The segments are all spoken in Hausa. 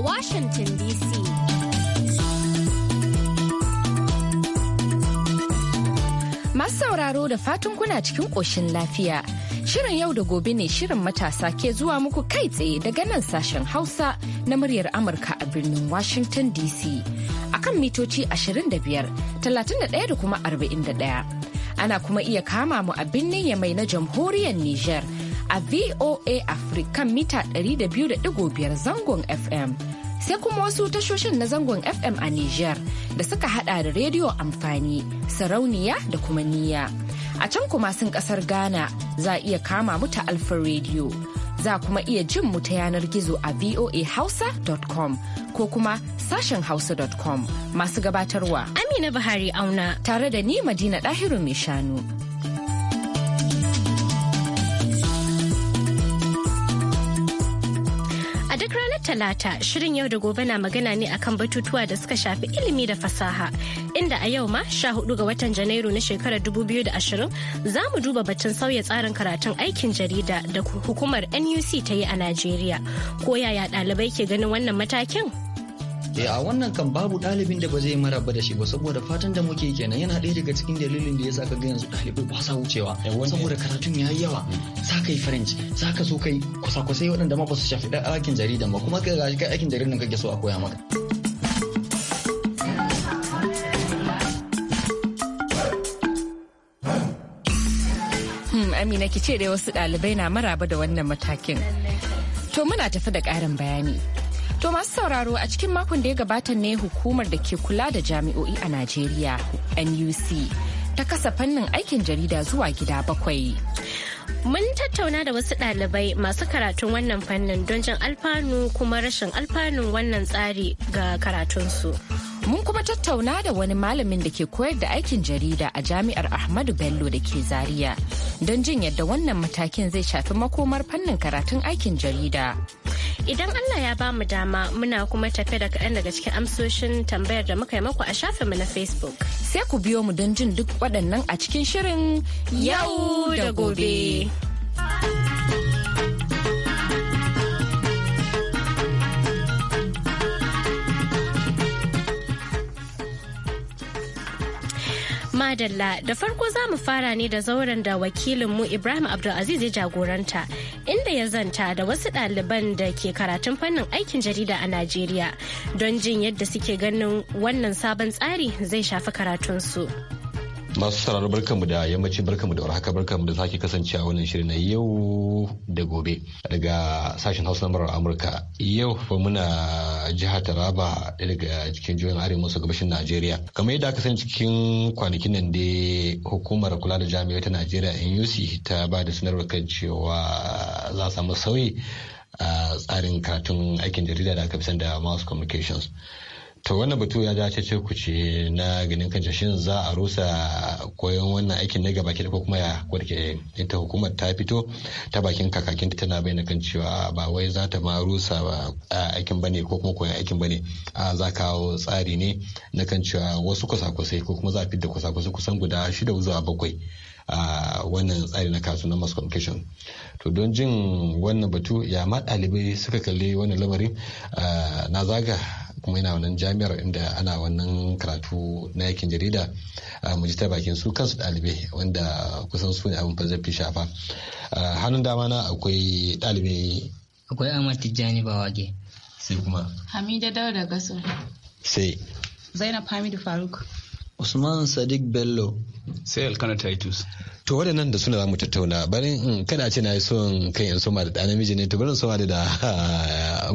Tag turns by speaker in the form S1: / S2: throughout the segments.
S1: a Washington DC.
S2: Masu sauraro da fatan kuna cikin ƙoshin lafiya. Shirin yau da gobe ne shirin matasa ke zuwa muku kai tsaye daga nan sashen Hausa na muryar Amurka a birnin Washington DC. kan mitoci 25, 31 da kuma 41. ana kuma iya kama mu a birnin yamai na jamhuriyar Nijar a VOA Africa mita 200.5 zangon FM. sai kuma wasu tashoshin na zangon FM a Niger da suka hada da rediyo amfani, sarauniya da kuma niyya. A can kuma sun kasar Ghana za iya kama mu ta Alfa rediyo Za kuma iya jin mu ta yanar gizo a voahausa.com ko kuma sashen hausa.com masu gabatarwa.
S1: Amina Buhari auna. Tare da ni Madina Dahiru mai shanu. Talata shirin yau da gobe na magana ne akan batutuwa da suka shafi ilimi da fasaha. Inda a yau ma sha hudu ga watan Janairu na shekarar dubu biyu da ashirin za mu duba batun sauya tsarin karatun aikin jarida da hukumar NUC ta yi a Najeriya. Ko yaya ɗalibai ke ganin wannan matakin?
S3: Eh a wannan kan babu ɗalibin da ba zai maraba da shi ba saboda fatan da muke kenan yana ɗaya daga cikin dalilin da ya ka ga yanzu ɗalibai ba sa wucewa eh, saboda karatun ya yi yawa sa mm. kai French sa ka so kai kwasa-kwasai waɗanda ma ba su shafi ɗakin jaridan ba kuma ka ga aikin jaridan kake so a koya maka.
S2: Hmm, Amina ki ce dai wasu ɗalibai na maraba da wannan matakin. To muna tafi da ƙarin bayani. To masu sauraro a cikin makon da ya gabata ne hukumar da ke kula da jami'o'i a Najeriya NUC
S4: ta
S1: kasa fannin aikin jarida zuwa gida bakwai. Mun tattauna da wasu ɗalibai masu karatun wannan fannin don jin alfanu kuma rashin alfanun wannan tsari ga karatunsu. Mun kuma tattauna da wani
S2: malamin da ke koyar da aikin jarida a jami'ar Ahmadu Bello da ke Zariya don jin yadda wannan matakin zai shafi makomar fannin karatun aikin jarida.
S1: Idan Allah ya ba mu dama muna kuma tafe da kaɗan daga cikin amsoshin tambayar da muka yi maku a mu na Facebook. Sai ku biyo mu don
S2: jin duk waɗannan a cikin shirin yau da gobe.
S1: Madalla da farko za mu fara ne da zauren da wakilinmu Ibrahim Abdulaziz ya jagoranta inda ya zanta da wasu ɗaliban da ke karatun fannin aikin jarida a Najeriya don jin yadda suke ganin wannan sabon tsari zai shafi karatunsu. su.
S5: masu sauraro barkanmu da yammacin barkanmu da warhaka barkanmu da kasance a wannan shirin na yau da gobe daga sashen hausa na murar amurka yau fa muna jiha taraba daga cikin jihohin arewa maso gabashin najeriya kamar yadda aka sani cikin kwanakin nan da hukumar kula da jami'ai ta najeriya nuc ta ba da sanarwar kan cewa za a samu sauyi a tsarin karatun aikin jarida da aka fi da mass communications to wannan batu ya ja ce ku ce na ganin kan shin za a rusa koyon wannan aikin ne gaba ko kuma ya kwarke ita hukumar ta fito ta bakin kakakin tana bayyana kan cewa ba wai za ta ma rusa ba aikin bane ko kuma koyon aikin bane a za kawo tsari ne na kan cewa wasu kwasa-kwasai ko kuma za a fidda kwasa-kwasai kusan guda shida zuwa bakwai a wannan tsari na kasu na mass communication to don jin wannan batu ya ma ɗalibai suka kalli wannan lamarin na zaga kuma yana wannan jami'ar inda ana wannan karatu na yakin jarida mu ji ta bakin su kansu ɗalibai wanda kusan su ne abin fa zafi shafa hannun dama na akwai dalibai akwai Ahmad Tijjani wage sai kuma
S4: Hamida
S6: Dauda Gaso sai Zainab Hamidu Faruk
S5: Usman Sadiq Bello.
S7: Sai Alkana Titus.
S5: To waɗannan da suna za mu tattauna bari in kana ce na yi son kai in soma da miji ne to bari in soma da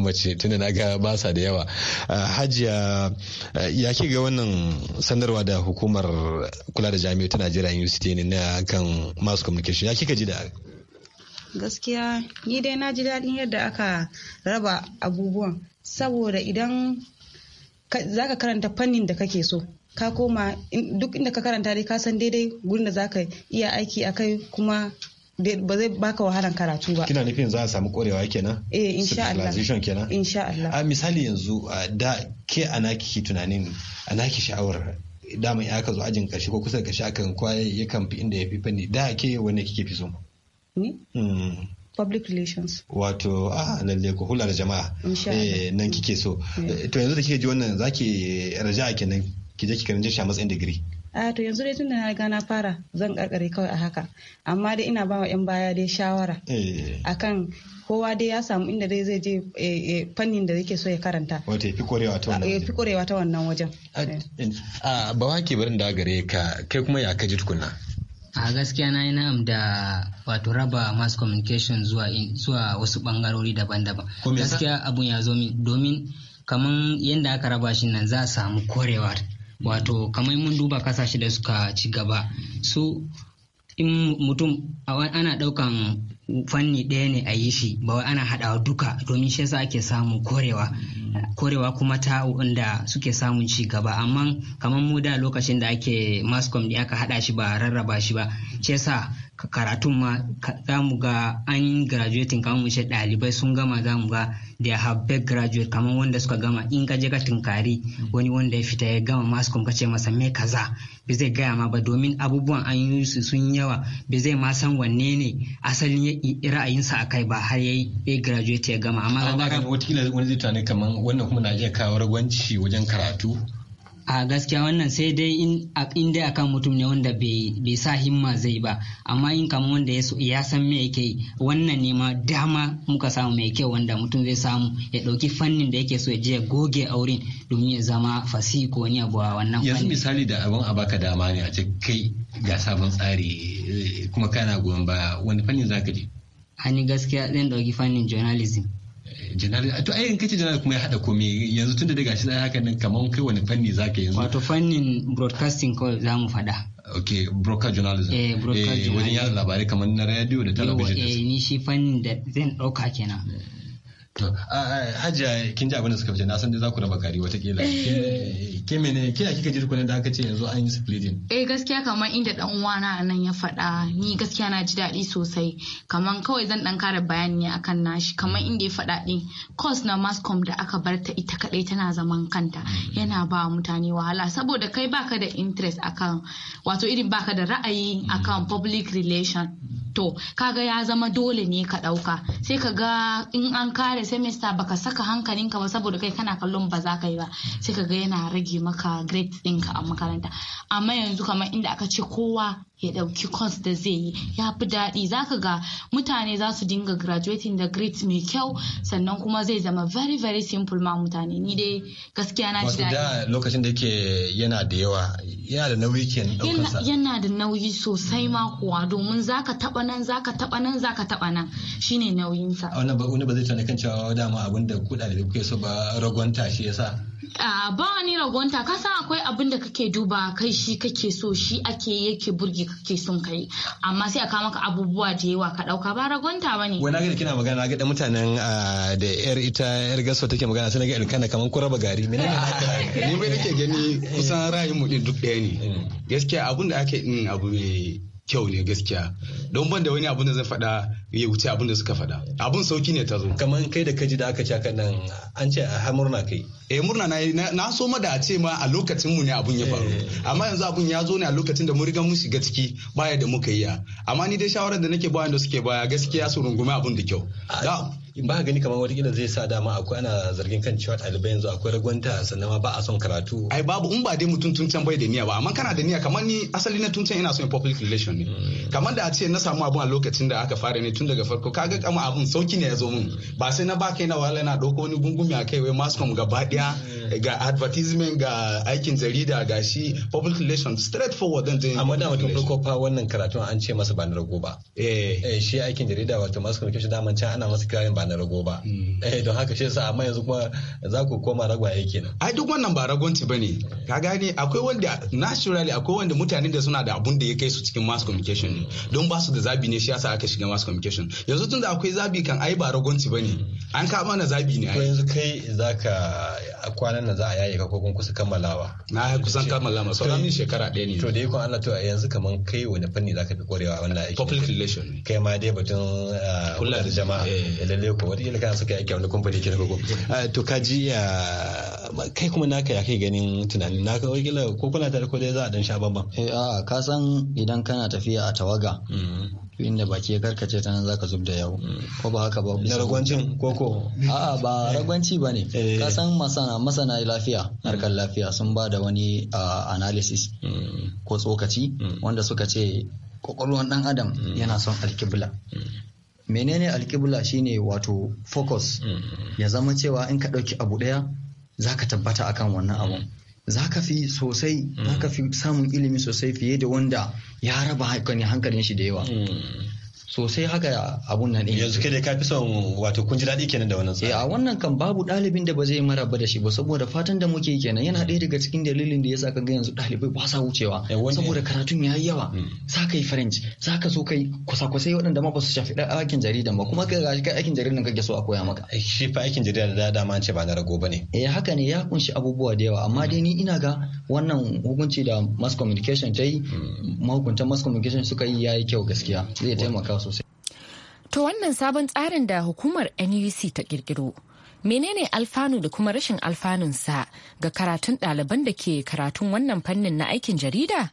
S5: mace tunda na ga ba sa da yawa. Ah, Hajiya ah, ya ke ga wannan sanarwa da hukumar kula da jami'o ta Najeriya University ne na kan mass communication ya ka ji da
S6: Gaskiya ni dai na ji daɗin yadda aka raba abubuwan saboda idan zaka karanta fannin da kake so ka koma duk inda ka karanta dai ka san daidai gurin da zaka iya aiki a kai kuma ba zai baka wahalan karatu
S5: ba. Kina nufin za a samu korewa kenan? Eh insha Allah. kenan? Insha Allah. A misali yanzu da ke ana kiki tunanin ana ki sha'awar dama ya ka zo ajin karshe ko kusa karshe akan kwaye yakan fi inda ya fi fanni da ke wanne kike fi so? Ni? Hmm.
S6: public relations.
S5: Wato a lalle ko hula da jama'a. Insha Allah. Eh, nan kike so. Eh. To yanzu da kike ji wannan zaki raja'a kenan ki je ki karanta shi a matsayin digiri
S6: a to yanzu dai tun da na riga na fara zan karkare kawai a haka amma dai ina ba wa 'yan baya dai shawara eh. akan kowa dai ya samu inda dai zai je eh, eh, fannin da yake so ya karanta
S5: wato fi korewa ta wannan
S8: wajen fi korewa ta wannan wajen
S5: a ba ke barin da gare ka kai kuma ya ka ji tukunna
S8: a gaskiya na yi na'am da wato raba mass communication zuwa zuwa wasu bangarori daban-daban gaskiya abun ya zo min domin kaman yadda aka raba shi nan za a samu korewa wato kamar mun duba kasashe da suka ci gaba su in mutum ana ɗaukan fanni ɗaya ne a yi shi ba wai ana haɗawa duka domin shi yasa ake samun korewa korewa kuma ta wanda suke samun ci gaba amma kamar mu da lokacin da ake mascom ne aka haɗa shi ba rarraba shi ba shi yasa karatun ma za mu ga an yi graduating kamar mu ce ɗalibai sun gama za mu ga they have big graduate kamar wanda suka gama in ka je ka tunkari wani wanda ya fita ya gama masu kuma ce masa me kaza ba zai gaya ma ba domin abubuwan an yi su sun yawa ba zai ma san wanne ne asalin ra'ayinsa a kai ba har ya yi graduate ya gama amma ga wata
S5: wani zai tunani kamar wannan kuma na iya kawo ragwanci wajen karatu
S8: a gaskiya wannan sai dai in dai akan mutum ne wanda bai sa himma zai ba amma in kama wanda ya san me yake wannan ne ma dama muka samu mai kyau wanda mutum zai samu ya dauki fannin da yake so ya je ya goge auren domin ya zama fasihi ko wani abu a wannan yanzu misali
S5: da abin a baka dama ne a ce kai ga sabon tsari eh, kuma kana goyon ba wani fannin zaka je ani gaskiya zan dauki fannin journalism janar to ai in kace janar kuma ya hada komai yanzu
S8: tun daga shi sai haka nan kaman kai wani fanni zaka yanzu wato fannin broadcasting kawai zamu faɗa
S5: Okay broadcast journalism eh broadcast eh, journalism wajen yaro labarai kamar na radio da television eh
S8: ni shi fannin da zan dauka
S5: kenan eh. To, hajiya kin ji abin da suka fice na san dai za ku raba gari watakila. Eh. Ke mene ke a kika ji da aka ce yanzu an yi splitting?
S4: Eh gaskiya kamar inda dan uwana nan ya faɗa ni gaskiya na ji daɗi sosai. Kamar kawai zan dan kara bayani ne akan nashi kamar inda ya faɗa din course na mascom da aka bar ta ita kadai tana zaman kanta mm. yana ba mutane wahala saboda kai baka da interest akan wato irin baka da ra'ayi mm. akan public relation. to kaga ya zama dole ne ka ɗauka sai ka ga in an kare semester baka saka hankalinka ba saboda kai kana kallon ba za ka yi ba sai ka ga yana rage maka grades ɗinka a makaranta amma yanzu kamar inda aka ce kowa ya ɗauki course da zai yi ya fi daɗi za ka ga mutane za su dinga graduating da grades mai kyau sannan kuma zai zama very very simple ma mutane ni dai gaskiya na ji daɗi
S5: lokacin da yake yana da yawa yana da nauyi kenan
S4: yana da nauyi sosai ma kuwa domin ka taɓa nan zaka taba nan zaka taba nan shine nauyinsa
S5: wannan wani ba zai tana kan cewa dama abin da kuɗa da kuke so ba ragonta shi yasa
S4: sa? ba wani ragonta ka san akwai abin da kake duba kai shi kake so shi ake yake burge kake son kai amma sai a kama maka abubuwa da yawa ka ɗauka ba ragonta ba ne wani
S5: kina magana ga da mutanen da yar ita yar gaso take magana sai gaɗa kana kaman kura raba
S7: gari ni bai nake gani kusan ra'ayin mu duk ɗaya ne eh. gaskiya abin da ake din abu mai kyau ne gaskiya don ban da wani abun da zai faɗa ya wuce abun da suka faɗa abun sauki ne ta zo kamar kai da kaji da aka ci nan an ce a murna kai eh murna na na so ma da a ce ma a lokacin mu ne abun ya faru eh. amma yanzu abun ya zo ne a lokacin da mun riga mun shiga ciki baya da muka yi amma ni dai shawarar da nake bayan da suke baya gaskiya su rungume abun da kyau In ba gani kamar watakila zai sa dama akwai
S5: ana zargin kan cewa ɗalibai yanzu akwai
S7: ragwanta sannan ba a son karatu ai babu in ba dai mutum tun bai da niyya ba amma kana da niyya kamar ni asali na tun ina son public relation ne mm. kamar da a ce na samu abun a lokacin da aka fara ne tun daga farko kaga kama abun sauki ne ya zo mun ba sai na ba kai na wahala na ɗauko wani gungumi a kai wai mascom gaba ɗaya mm. ga advertisement ga aikin jarida ga shi public relation straight forward din zai amma da mutum farko
S5: fa wannan karatun an ce masa ba na rago ba eh, eh shi aikin jarida wato mass communication
S7: da can ana masa kirayen ba ba na rago ba mm. eh don haka shi sa amma yanzu kuma za ku koma ragwaye kenan ai duk wannan ba ragonci bane ka gane akwai wanda naturally akwai wanda mutane da suna da abun da ya kai su cikin mass communication ne don ba su da zabi ne shi yasa aka shiga mass communication yanzu tunda akwai zabi kan ai ba ragonci bane mm. an ka mana zabi ne ai yanzu kai zaka kwanan nan za a yaye ka ko kun kusa kammalawa na kusan kammalawa sauran min shekara ɗaya ne to da yakon Allah to a
S5: yanzu kaman kai wani fanni zaka fi korewa wannan aiki public relation kai ma dai batun ah, kula da jama'a eh. eh, lalle ko wata kila kana saka yaki a wani kamfani na ko ah, to ka ji
S3: kai kuma naka ya kai ganin tunanin naka kila ko kuna tare ko dai za a dan sha bamban eh, a ka san idan kana tafiya a tawaga mm. inda baki ya karkace ta nan zaka zub da yawo mm. ko ba haka ba na ragwancin koko a'a ba eh. ragwanci bane eh. ka san masana masana lafiya mm. harkar lafiya sun ba da wani analysis ko tsokaci wanda suka ce kwakwalwan dan adam yana son alkibla menene alkibla shine wato focus mm-hmm. ya zama cewa in ka ɗauki abu ɗaya za ka tabbata akan wannan abun mm-hmm. za ka fi sosai za ka fi samun ilimi sosai fiye da wanda ya raba hankalin shi da yawa mm-hmm. sosai haka abun nan ɗin yanzu kai da ka fi son wato kun ji daɗi kenan da wannan tsari eh, a wannan kan babu ɗalibin da ba zai maraba da shi ba saboda fatan da muke kenan yana mm. ɗaya daga cikin dalilin da yasa kaga yanzu ɗalibai ba sa wucewa eh, saboda karatun yayi yawa mm. za ka yi french za ka zo kai kwasa-kwasai waɗanda ma ba su shafi aikin jaridan ba kuma ka ga aikin jaridan kake so a koya maka
S5: eh, shi fa aikin jarida da dama ce ba na rago bane
S3: eh haka ne ya kunshi abubuwa da yawa amma dai mm. ni ina ga wannan hukunci da mass communication ta yi mahukuntan mass communication suka yi yayi kyau gaskiya zai taimaka
S2: To wannan sabon tsarin da hukumar NUC ta kirkiro. Menene alfanu da kuma rashin alfanunsa ga karatun ɗaliban da ke karatun wannan fannin na aikin jarida?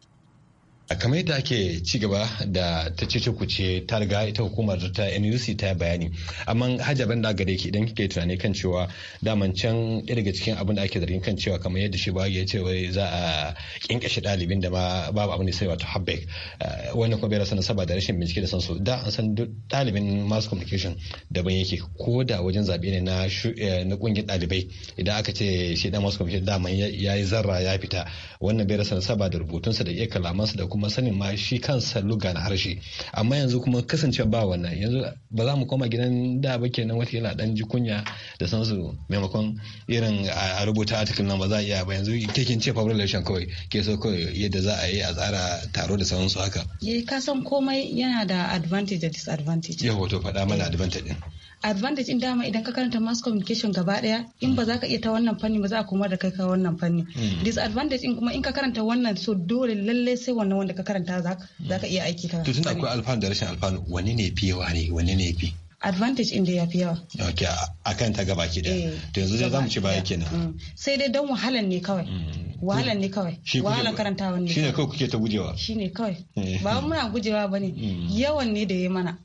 S5: kamar yadda ake ci gaba da ta ce kuce ta riga ita hukumar ta nuc ta bayani amma hajjaban da aka ki idan kike tunani kan cewa daman can ɗaya daga cikin abin da ake zargin kan cewa kamar yadda shi ba ya ce wai za a kinkashi dalibin da ma babu abin da sai wato habbek eh, wannan kuma bai rasa nasaba da rashin bincike da sansu da an san dalibin mass communication daban yake ko da wajen zaɓe ne na eh, na ƙungiyar ɗalibai idan aka ce shi dan mass communication daman ya yi zarra ya fita wannan bai rasa nasaba da rubutunsa da iya kalamansa da kuma sanin ma shi kansa luga na harshe amma yanzu kuma kasance ba wannan yanzu ba za mu koma gidan da ba kenan wata yana dan ji kunya da sansu maimakon irin a rubuta article nan ba za a iya ba yanzu kekin ce public relation kawai ke so kawai yadda za a yi a tsara taro da sauransu haka
S6: eh, ka san komai yana da advantage da disadvantage
S5: yawa to faɗa mana advantage din
S6: advantage in dama idan ka karanta mass communication gaba daya in ba za ka iya ta wannan fanni ba za a koma da kai ka wannan fanni hmm. disadvantage in kuma in ka karanta wannan so dole lalle sai wannan wanda ka karanta za ka iya aiki ka to tun akwai
S5: alfanu da rashin alfanu wani ne fi yawa ne wani ne fi
S6: advantage da ya fi yawa.
S5: Ok, a kan ta gaba ki da eh, To yanzu zai zamu ci baya kenan.
S6: Hmm. Sai dai don wahalan ne kawai. Hmm. Wahalan ne kawai. Wahalan karantawa ne. Shine kawai
S5: kuke ta gujewa. Shine kawai. Eh.
S6: Ba muna gujewa bane. Yawan ne da ya mana.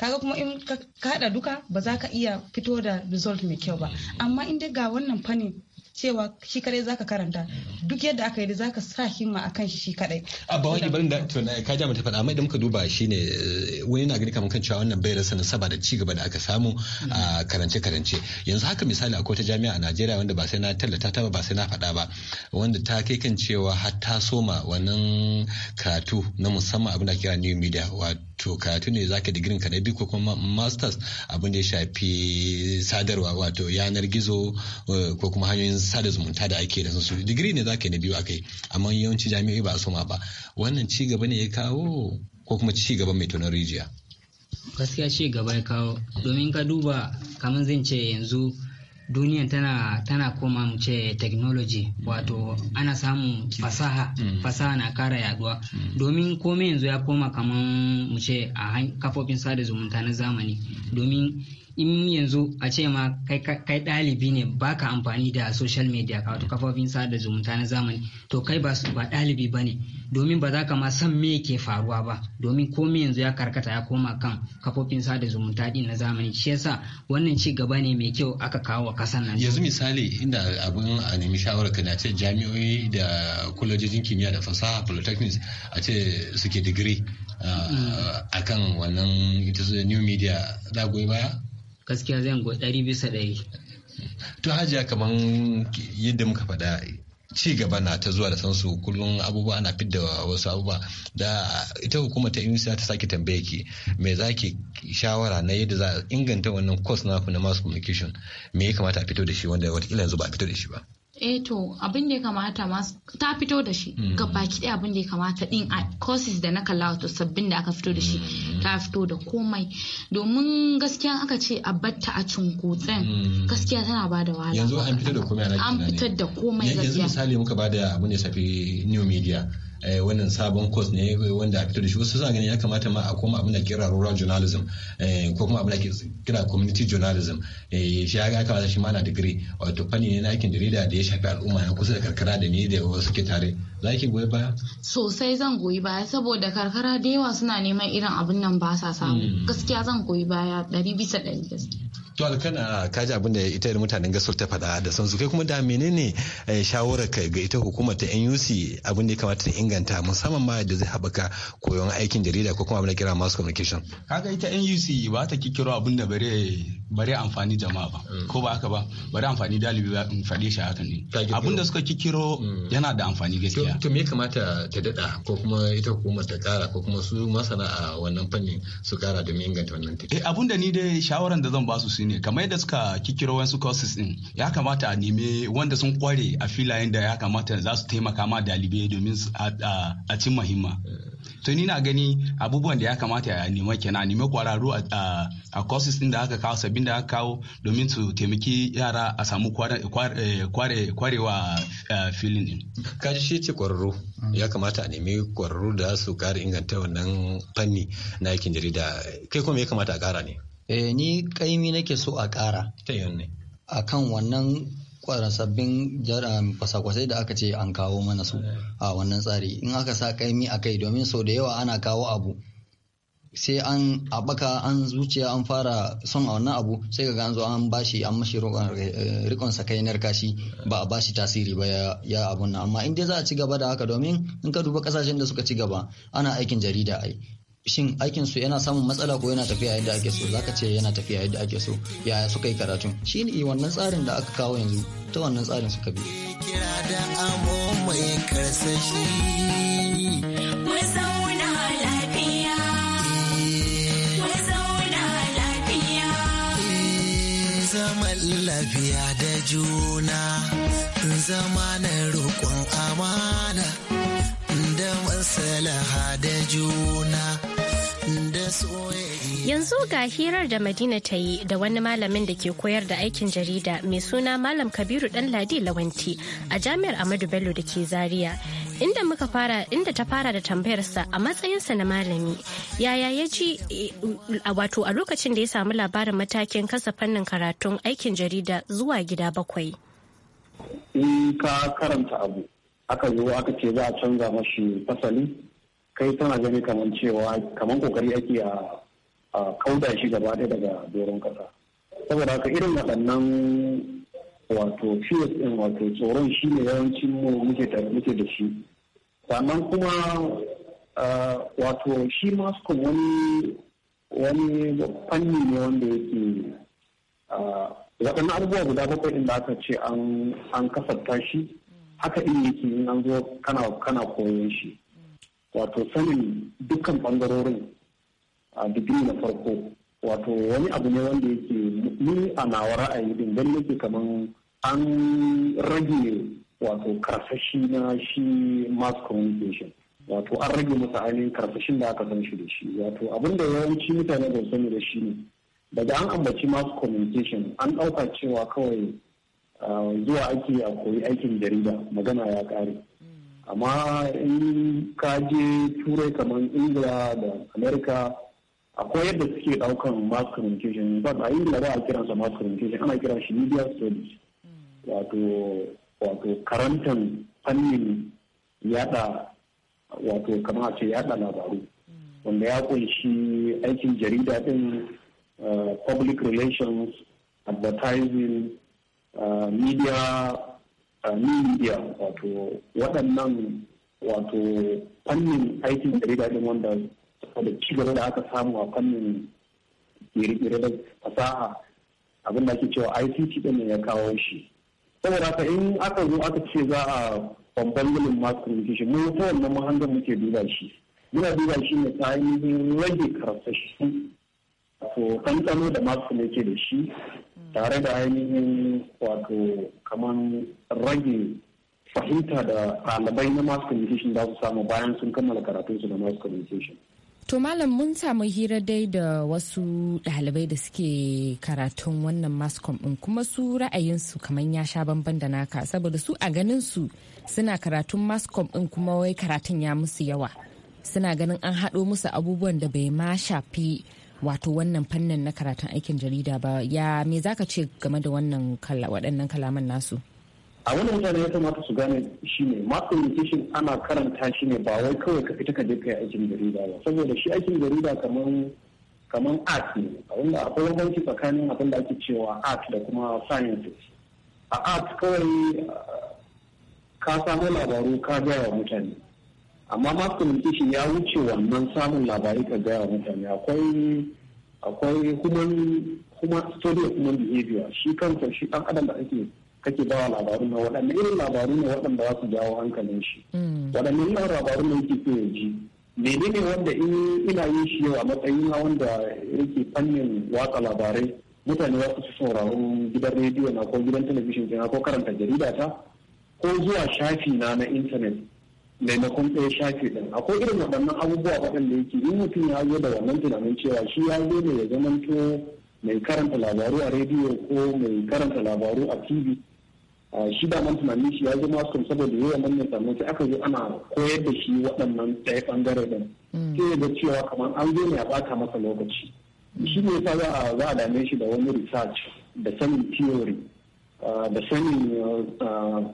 S6: kaga kuma in ka haɗa duka ba za ka iya fito da result mai kyau ba amma in ga wannan fannin cewa shi kadai zaka karanta duk yadda aka yi zaka sa himma akan shi shi kadai
S5: a ba wani barin da to na kaja mata fada amma idan muka duba shine eh, wani na gani kamar kan cewa wannan bai rasa nasaba da ci gaba da aka samu a karance karance yanzu haka misali akwai ta jami'a a Najeriya wanda ba sai na tallata ta ba ba sai na faɗa ba wanda ta kai kan cewa har ta soma wannan karatu na musamman abin da kira new media wato to karatu ne zaka digirin ka na biyu ko kuma masters abin da ya shafi sadarwa wato yanar gizo eh, ko kuma hanyoyin sada zumunta da ake da su digiri ne zaka yi na biyu akai amma yawanci jami'ai ba a soma ba wannan ci gaba ne ya kawo ko kuma ci gaba mai tunan rijiya
S8: gaskiya ci gaba ya kawo domin ka duba kamar zan ce yanzu duniyan tana tana koma mu ce technology mm. wato ana samun fasaha mm. fasaha na kara yaduwa mm. domin komai yanzu ya koma kaman mu ce a kafofin sada zumunta na zamani domin in yanzu a ce ma kai ɗalibi ne baka amfani da social media wato kafofin sada zumunta na zamani to kai ba ɗalibi ba ne domin ba za ka ma san me ke faruwa ba domin komi yanzu ya karkata ya koma kan kafofin sada zumunta din na zamani shi yasa wannan ci gaba ne mai kyau aka kawo wa kasan nan
S5: yanzu misali inda abin a nemi shawarar ka na ce jami'o'i da kwalejojin kimiyya da fasaha polytechnics a ce suke digiri mm. akan wannan ita new media za goyi baya gaskiya zan goyi ɗari bisa ɗari. To hajiya kamar yadda muka faɗa ci gaba na ta zuwa da sansu kullum abubuwa ana fidda wasu abubuwa da ita hukuma ta unicef ta sake tambaye ki me za ki shawara na yadda za a inganta wannan course na na mass communication me ya kamata a fito da shi wanda watakila yanzu ba a fito da shi ba
S4: eh to abin da ya kamata masu ta fito da shi mm. ga baki ɗaya abin da ya kamata din a courses da na kalla wato sabbin da aka fito da shi mm. ta fito da komai domin gaskiya aka ce a batta a cunkutsen mm. gaskiya tana ba da wahala
S5: yanzu an fitar da komai an
S4: fitar da komai yanzu
S5: misali muka ba da abin da ya safi new media Eh, wannan sabon course ne wanda a fito da shi wasu suna ganin ya kamata ma a koma abin da kira rural journalism eh, ko kuma abin da kira community journalism eh, shi ya kamata shi ma na digiri wato fanni ne na aikin jarida da ya shafi al'umma na kusa da karkara da ni da wasu ke tare za ki goyi baya
S4: sosai zan goyi baya saboda karkara da yawa suna neman irin abin nan ba sa samu hmm. gaskiya zan goyi baya ɗari bisa ɗari gaskiya
S5: to alkana ji abin da ita mutanen gasar ta faɗa da sun kai kuma da menene eh, shawarar ka ga ita hukumar ta nuc abin da ya kamata ta inganta musamman ma da zai haɓaka koyon aikin jarida ko kuma abin da kira mass communication
S7: kaga ita nuc ba ta kikiro abin da bare bare amfani jama'a ba mm. ko ba haka ba bare amfani dalibi ba in faɗe shi haka ne abin da suka kikiro mm. yana da amfani gaskiya to me kamata ta daɗa ko kuma ita hukumar ta ƙara ko kuma su masana a wannan fannin su ƙara domin inganta wannan eh abin da ni dai shawaran da zan ba su su ne kamar yadda suka kikiro wasu courses din ya kamata a nemi wanda sun kware a filayen da ya kamata za su taimaka ma dalibai domin a cin mahimma to ni na gani abubuwan da ya kamata a nema kenan a nemi kwararru a courses din da aka kawo sabbin da aka kawo domin su taimaki yara a samu eh, kwarewa eh, filin din
S5: kaji shi ce kwararru ya kamata a nemi kwararru da su kara inganta wannan fanni na aikin jarida kai kuma ya kamata a kara ne
S3: Eh ni kaimi nake so a kara. Ta yanne. A kan wannan sabbin um, kwasa-kwasai da aka ce an kawo mana su a wannan tsari in aka sa kaimi a kai domin sau da yawa ana kawo abu sai an abaka an zuciya an fara son a wannan abu sai ga an zo an bashi an mashi rikon eh, sakainar kashi ba a bashi tasiri ba ya abun nan amma in dai za a ci gaba da haka domin in ka duba kasashen da suka ci gaba ana aikin jarida ai shin aikin su yana samun matsala ko yana tafiya yadda ake so zaka ce yana tafiya yadda ake so yaya suka yi karatun shine eh, wannan tsarin da aka kawo yanzu ta wannan tsarin suka bi
S9: kira
S1: da juna zama na roƙon amana da masalaha da juna Yanzu ga hirar da Madina ta yi da wani malamin da ke koyar da aikin jarida mai suna Malam Kabiru Dan Ladi Lawanti a Jami'ar amadu Bello da ke Zaria. Inda muka fara inda ta fara da tambayarsa a matsayinsa na malami yaya ya ji eh, wato a lokacin da ya samu labarin matakin kasa fannin karatun aikin jarida zuwa gida bakwai.
S9: In ka karanta abu aka zo aka ce za a canza mashi fasali kai tana gani kamar cewa kamar kokari ake a kauda shi gaba ɗaya daga doron kasa saboda haka irin waɗannan wato fears ɗin wato tsoron shi ne yawancin mu muke da shi sannan kuma wato shi masu wani wani fanni ne wanda yake waɗannan abubuwa guda bakwai da aka ce an kasafta shi haka in yake in an zo kana koyon shi wato sanin dukkan bangarorin a digiri na farko wato wani abu ne wanda yake ni a nawa ra'ayi din don yake kamar an rage wato karsashi na shi mass communication wato an rage masa ainihin karsashin da aka san shi da shi wato abinda yawanci mutane ba sani da shi ne daga an ambaci mass communication an ɗauka cewa kawai ah, zuwa ake a koyi aikin jarida magana ya ƙare amma in ka je turai kamar ingila da amerika akwai yadda suke daukan mass communication ba a ingila ba a sa mass communication ana kiran shi media studies wato wato karantan fannin yada wato kamar a ce yada labaru wanda ya kunshi aikin jarida din eh, public relations advertising eh, media iya wato waɗannan wato fannin aikin jarida ɗin wanda da cigaba da aka samu a fannin kere-kere da fasaha abin da ake cewa ICT din ya kawo shi saboda haka in aka zo aka ce za a bambam gulin masu communication mu ta wannan mahangar muke duba shi muna duba shi ne ta yi rage karsashi wato kankano da masu ne ke da shi tare da ainihin wato kamar rage fahimta da ɗalibai na mass communication za su samu bayan sun kammala karatunsu da mass communication.
S2: To malam mun samu hira dai da wasu ɗalibai da suke karatun wannan mascom ɗin kuma su ra'ayinsu kamar ya sha bamban da naka saboda su a ganin su suna karatun mascom ɗin kuma wai karatun ya musu yawa suna ganin an haɗo musu abubuwan da bai ma shafi wato wannan fannin na karatun aikin jarida ba ya me zaka ce game da wannan waɗannan kalaman nasu
S9: a wani mutane ya kamata su gane shi ne mass communication ana karanta shi ne ba wai kawai ka fita ka je kai aikin jarida ba saboda shi aikin jarida kamar kamar art ne wanda akwai bambanci tsakanin abin da ake cewa art da kuma science a art kawai ka samu labaru ka gaya wa mutane amma mass communication ya wuce wannan samun labarai ka gaya mutane akwai akwai human human study of human behavior shi kansa shi dan adam da ake kake bawa labaru na waɗanne irin labaru ne waɗanda za su jawo hankalin shi mm. waɗanne irin labaru ne yake so ya ji menene wanda ina yin shi yau a matsayin na wanda yake fannin watsa labarai mutane za su sauraron gidan rediyo na ko gidan talabijin ko karanta jarida ta ko zuwa shafi na na intanet maimakon ɗaya shafi ɗin akwai irin waɗannan abubuwa waɗanda yake in mutum ya zo da wannan tunanin cewa shi ya zo ne ya zamanto mai karanta labaru a rediyo ko mai karanta labaru a tv shi da man tunanin shi ya zama masu saboda yawa manyan sannan sai aka zo ana koyar da shi waɗannan ɗaya ɓangare ɗin mm. sai ya ga cewa kamar an zo ne a ɓata masa lokaci mm. shi ne yasa za a dame shi da wani research da sanin theory da sanin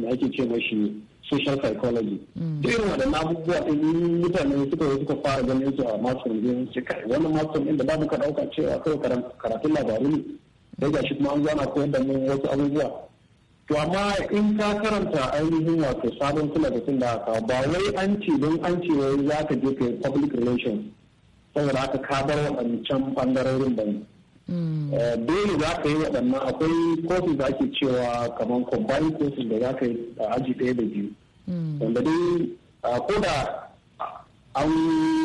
S9: na ake ce mashi social psychology mm. duk irin na abubuwa yi mutane suka suka fara ganin su a masu yanzu su kai wani masu inda da ba mu ka ɗauka cewa kawai karatun labaru ne sai shi kuma an zana koyar da mu wasu abubuwa to amma in ka karanta ainihin wato sabon kula da aka ba wai an ce don an ce wai za ka je ka public relations saboda haka ka bar can ɓangarorin ba ne Eh, dole za ka yi waɗannan akwai kofi da ake cewa kamar combined kofi da za ka yi a aji ɗaya da biyu mm. wanda dai ko da an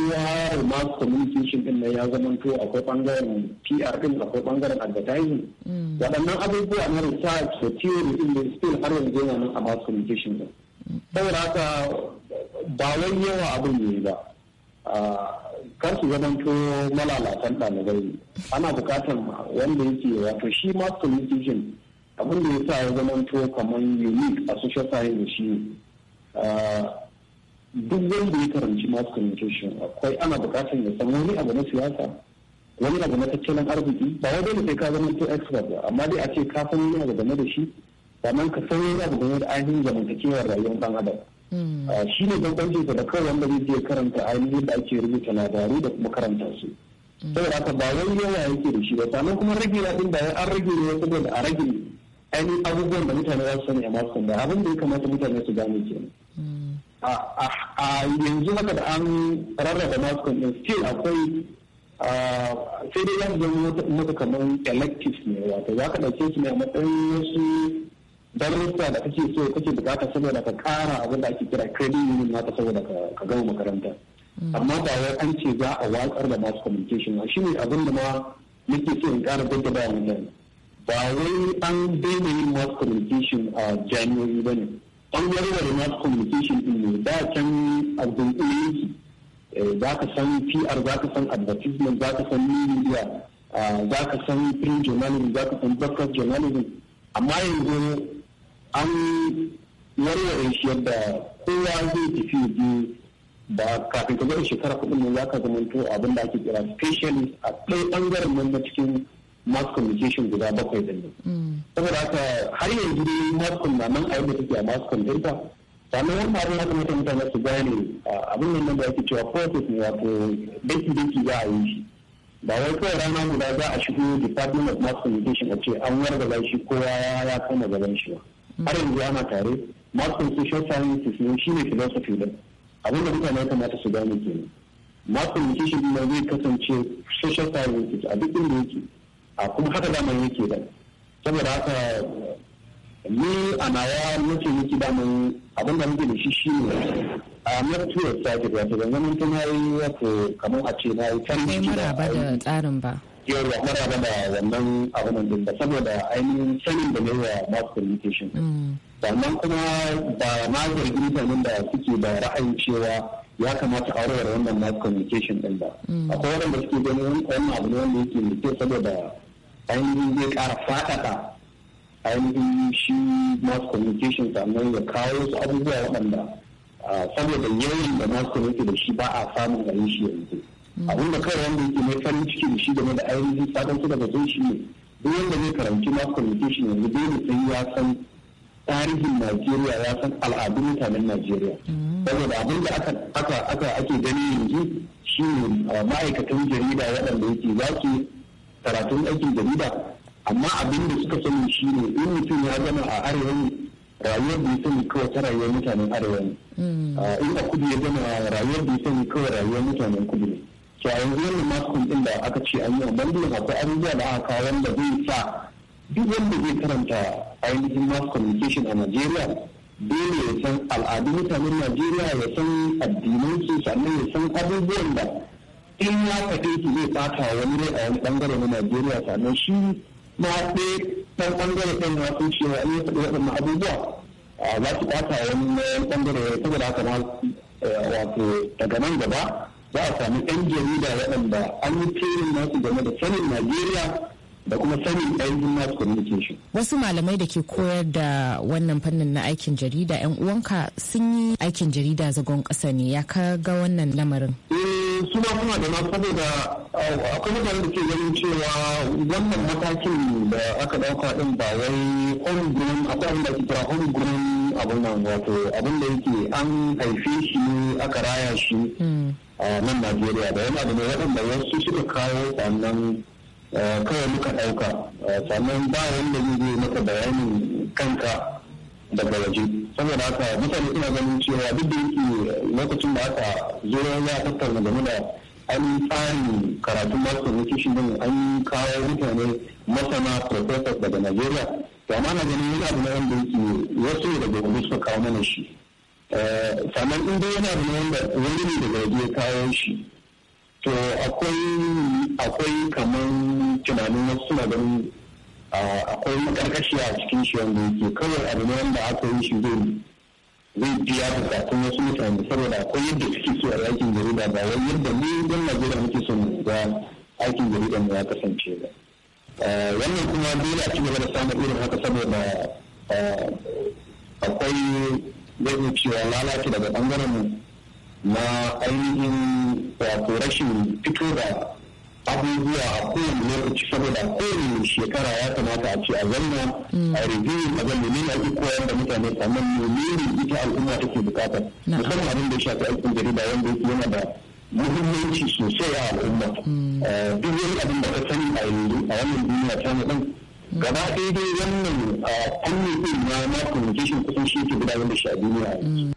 S9: ware mass communication ɗin nan ya zamanto akwai bangaren PR ɗin akwai ɓangaren advertising mm. waɗannan abubuwa na research da theory din da still har yanzu yana nan a mass communication ɗin mm. saboda haka ba wani yawa abin ne ba kar su zamanto malalatan ɗalibai ana buƙatar wanda yake wato shi ma politician abin da ya sa ya zamanto kamar unique a social science shi ah, duk wanda ya karanci mass communication akwai ana buƙatar ya san wani abu na siyasa wani abu na tattalin arziki ba wai dole sai ka zama to expert ba amma dai a ce ka san wani abu game da shi sannan ka san wani abu game da ainihin zamantakewar rayuwar ɗan adam Hmm. shi ne bambancin da kawai wanda zai je karanta ainihin da ake rubuta labarai da kuma karanta su hmm. saboda haka ba wani yawa yake da shi ba sannan kuma rage na din bayan an rage ne saboda a rage ainihin abubuwan da mutane za su sani a masu da abin da ya kamata mutane su gane ke hmm. a yanzu haka da an rarraba masu din still akwai sai dai yanzu wata kamar electives ne wato za ka ɗauke su ne a matsayin wasu darussa da kake so kake bukata saboda ka kara abin da ake kira credit union naka saboda ka gama makaranta mm. amma ba wai an ce za a watsar da mass communication shi ne abin da ma nake so in kara jaddada wannan ba wai an daina yin mass communication a january ba ne an da mass communication din ne da can a ilimi eh, za ka san pr za ka san advertisement za ka san media ah, za ka san print journalism za ka san broadcast journalism amma yanzu an in shi yadda kowa zai tafi yaje Ba kafin ka zai shekara kuɗin ne za ka zamanto abin da ake kira specialist a ɗaya ɓangaren nan na cikin mass communication guda bakwai da nan. Mm. Saboda haka har yanzu dai mass com na nan a yadda take a mass com ɗinta. Sannan wani abin da kuma mutane su gane abin nan da ake cewa process ne wato daki-daki za a yi shi. Ba wai kawai rana guda za a shigo department of mass communication a ce an wargaza shi kowa ya kama gaban shi ba. har yanzu ana tare maths social sciences ne shi ne philosophy din abin da mutane kamata su gane kenan maths communication ne zai kasance social sciences a duk inda yake a kuma haka zamani yake da saboda haka ni a nawa nake miki da mun abin da muke da shi shi ne a mutuwar sake da ta zama ta na yi wato kamar a ce na yi shi kai ba da
S2: tsarin ba
S9: yau ba da wannan abin da ba saboda ainihin sanin da ne wa mass communication mm. sannan kuma ba na zargi mutanen da suke da ra'ayin cewa ya kamata a rawar wannan mass communication din ba mm. akwai waɗanda suke ganin wannan abu ne wanda yake mai saboda ainihin zai ƙara faɗaɗa ainihin shi mass communication sannan ya kawo su abubuwa waɗanda saboda yawan da mass communication da shi ba a samun garin shi yanzu mm. abin da kawai wanda yake mai farin ciki da shi game da ainihin sabon su daga sun shi ne duk wanda zai karanci mass communication yanzu dole sai ya san tarihin najeriya ya san al'adun mutanen najeriya mm. saboda abin da aka ake gani yanzu shi ne ma'aikatan jarida waɗanda yake za karatun aikin jarida amma abin da suka sani shi ne in mutum ya zama a arewa ne rayuwar da ya sani kawai ta rayuwar mutanen arewa ne mm. ah, in a kudu ya a rayuwar da ya sani kawai rayuwar mutanen kudu ne to a yanzu wannan maskun din da aka ce an yi wa bandin akwai abubuwa da aka kawo wanda zai sa duk wanda zai karanta ainihin mass communication a Najeriya dole ya san al'adun mutanen Najeriya ya san su sannan ya san abubuwan da in ya faɗe su zai ɓata wani rai a wani ɓangare na Najeriya sannan shi na ɗaya ɗan ɓangare ɗin na sun ce faɗi waɗannan abubuwa za su ɓata wani ɓangare saboda haka ma wato daga nan gaba za a sami yan jarida waɗanda an yi tirin nasu game da sanin najeriya da kuma sanin ainihin mass communication.
S2: Wasu malamai da ke koyar da wannan fannin na aikin jarida 'yan uwanka sun yi aikin jarida zagon ƙasa ne ya ka ga wannan lamarin. Eh
S9: Eh, su ma suna da nasu saboda eh, akwai mutane da ke ganin cewa wannan matakin da aka dauka din ba wai homegrown akwai abin da ake kira gurin abin nan wato abin da yake an haife shi aka raya shi hmm. a nan najeriya da yana da waɗanda wasu suka kawo sannan eh, kawai muka dauka sannan ba wanda zai maka bayanin kanka daga waje saboda haka mutane suna ganin cewa duk da yake lokacin da aka zo ya tattauna game da an tsarin karatun masu communication din an kawo mutane masana professors daga nigeria to amma na ganin yana da nan da yake wasu daga wani suka kawo mana shi eh, sannan in dai yana da nan da wani ne daga waje kawo shi to akwai akwai kamar tunanin wasu suna ganin akwai karkashi a cikin shi wanda yake kawai abu ne wanda aka yi shi zai zai biya bukatun wasu mutane saboda akwai yadda suke so a yakin jarida ba wai yadda ni don najeriya muke so mu ga aikin jarida mu ya kasance ba wannan kuma dole a ci gaba da samun irin haka saboda akwai zai cewa lalace daga bangaren na ainihin wato rashin fito da abubuwa a kowane lokaci saboda kowane shekara ya kamata a ce a zanna mm. a review a zanna ne na iko yadda mutane sannan menene ita al'umma take bukata musamman abin da shafi aikin jarida wanda yake yana da muhimmanci sosai a al'umma mm. eh, duk wani abin da ka sani a yanzu a wannan duniya ta mu gaba ɗaya dai wannan ah, fannin ɗin na communication kusan shi ke gudanar da shi a duniya mm.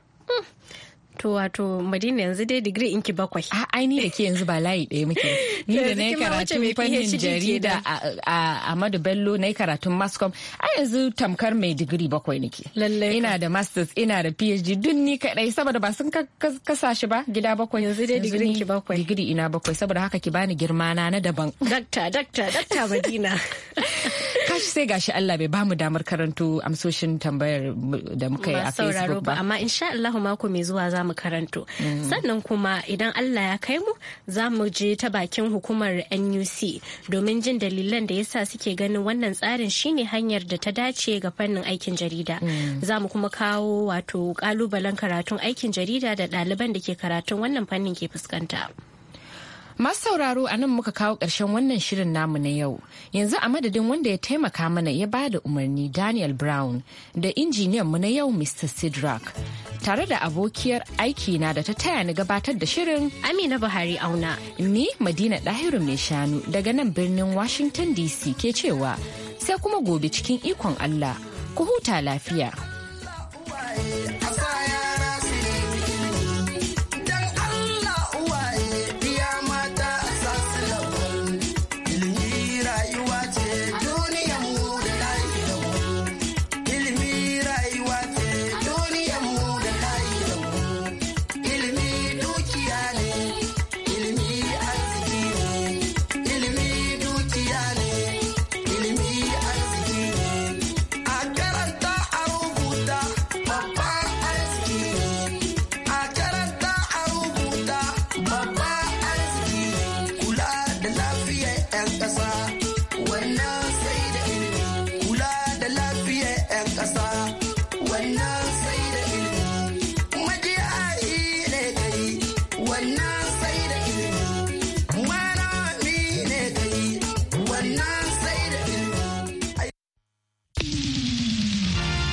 S1: wato wato Madina yanzu dai digiri inki bakwai. A ah, ai ni da ke yanzu ba layi ɗaya muke. Ni da na karatun fannin
S2: jarida a amadu Bello na karatun Mascom. A yanzu tamkar mai digiri bakwai nake. Lallai. Ina da masters ina da PhD duk ni kaɗai saboda ba sun kasashe ba gida bakwai. Yanzu dai digiri ki bakwai. Digiri ina bakwai saboda haka ki bani girma na na daban. Dakta
S1: dakta dakta Madina.
S2: kashi sai gashi Allah bai bamu damar karanto amsoshin tambayar da muka yi a Facebook ba.
S1: Amma insha Allah mako mai zuwa za mu karanto. Mm. Sannan kuma idan Allah ya kai mu za mu je ta bakin hukumar NUC domin jin dalilan da yasa suke ganin wannan tsarin shine hanyar da ta dace ga fannin aikin jarida. Mm. Za mu kuma kawo wato kalubalen karatun aikin jarida da ɗaliban da ke karatun wannan fannin ke fuskanta.
S2: Masu sauraro a nan muka kawo ƙarshen wannan shirin namu na yau. Yanzu a madadin wanda ya taimaka mana ya ba da umarni Daniel Brown da injiniyan mu na yau Mr. Sidrak. Tare da abokiyar aiki na da ta taya ni gabatar da shirin Amina Buhari Auna. Ni Madina Dahiru mai shanu daga nan birnin Washington DC ke cewa sai kuma gobe cikin ikon Allah. Ku huta lafiya.